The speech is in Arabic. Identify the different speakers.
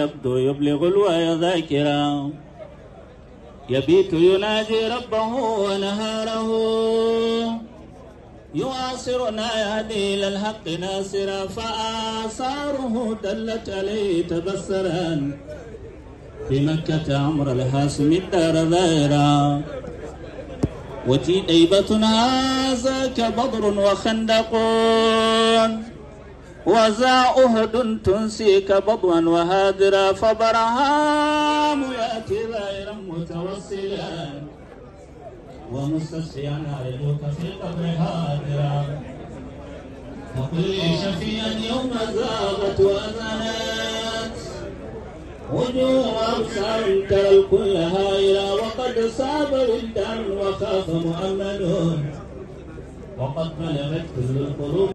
Speaker 1: يبدو يبلغ الوعي ذاكرا يبيت يناجي ربه ونهاره يواصرنا نادي إلى الحق ناصرا فآثاره دلت عليه تبصرا في مكة عمر الحاسم الدار ذائرا وتي ديبة هذاك بدر وخندق وزا أهد تنسيك بضوا وهادرا فبرهام يأتي غير متوسلا ومستسقيا عرضك في القبر هادرا فقل لي شفيا يوم زاغت وأذنت وجوه أرسلت الكل هائلا وقد صاب
Speaker 2: ردا وخاف مؤمن وقد بلغت كل القلوب